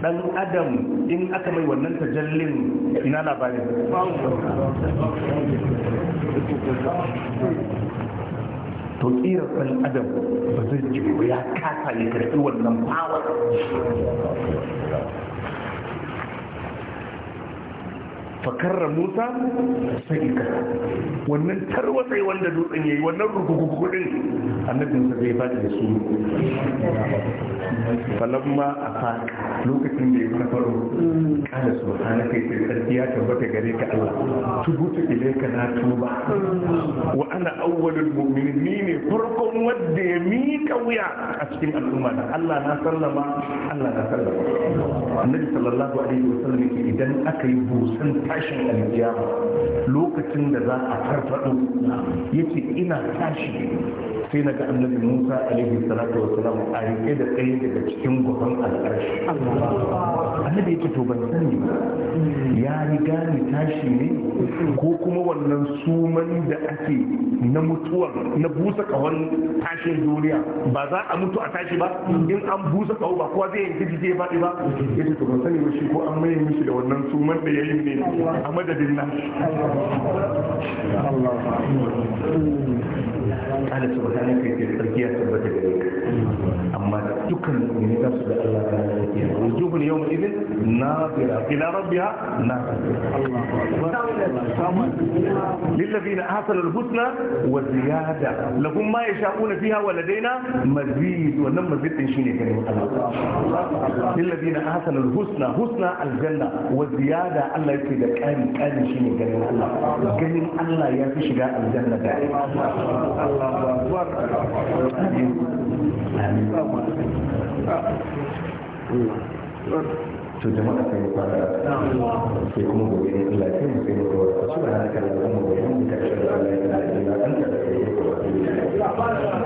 dan adam in aka mai wannan tajallin ina labarin to tsirar ɗan adam ba zai jiwo ya kasa ya karɓi wannan power fakarra musa sai ka wannan tarwatsai wanda dutsen yayi wannan rukukukudin annabin sa zai faɗi da su falamma a lokacin da ya farfaro subhanaka ce sarki ya tabbata gare ka Allah tubutu ka na tuba wa ana awwalul mu'minin ni ne farkon wanda ya mika wuya a cikin al'umma da Allah na sallama Allah na sallama annabi sallallahu alaihi wasallam yake idan aka yi busan tashin aljiyama lokacin da za a farfado yace ina tashi sai na ga annabi musa alaihi salatu wa salam a rike da kai daga cikin gufan al'arshi annabi yake to ban sani ba ya riga ni tashi ne ko kuma wannan suman da ake na mutuwa na busa kawon tashin duniya ba za a mutu a tashi ba in an busa kawo ba kowa zai yi jije zai faɗi ba ya ce to ban sani ba shi ko an maye mishi da wannan suman da ya yi ne a madadin na in ala subhanaka ya tsarki ya tabbata gare ka amma dukkan mu'mini za su da Allah ta وجوه يومئذ ناظرة إلى ربها ناطرة للذين أحسنوا الحسنى وزيادة لهم ما يشاءون فيها ولدينا مزيد ونم مزيد تنشيني كريم للذين أحسنوا الحسنى حسنى الجنة وزيادة الله يسيد كان كان شيني كريم الله كريم الله يفش جاء الجنة دائم الله أكبر to jama'a sai mu fara sai kuma gobe ne Allah sai mu sai mu kawar a suna na kallon mu gobe mu da Allah ya ila da ta da kai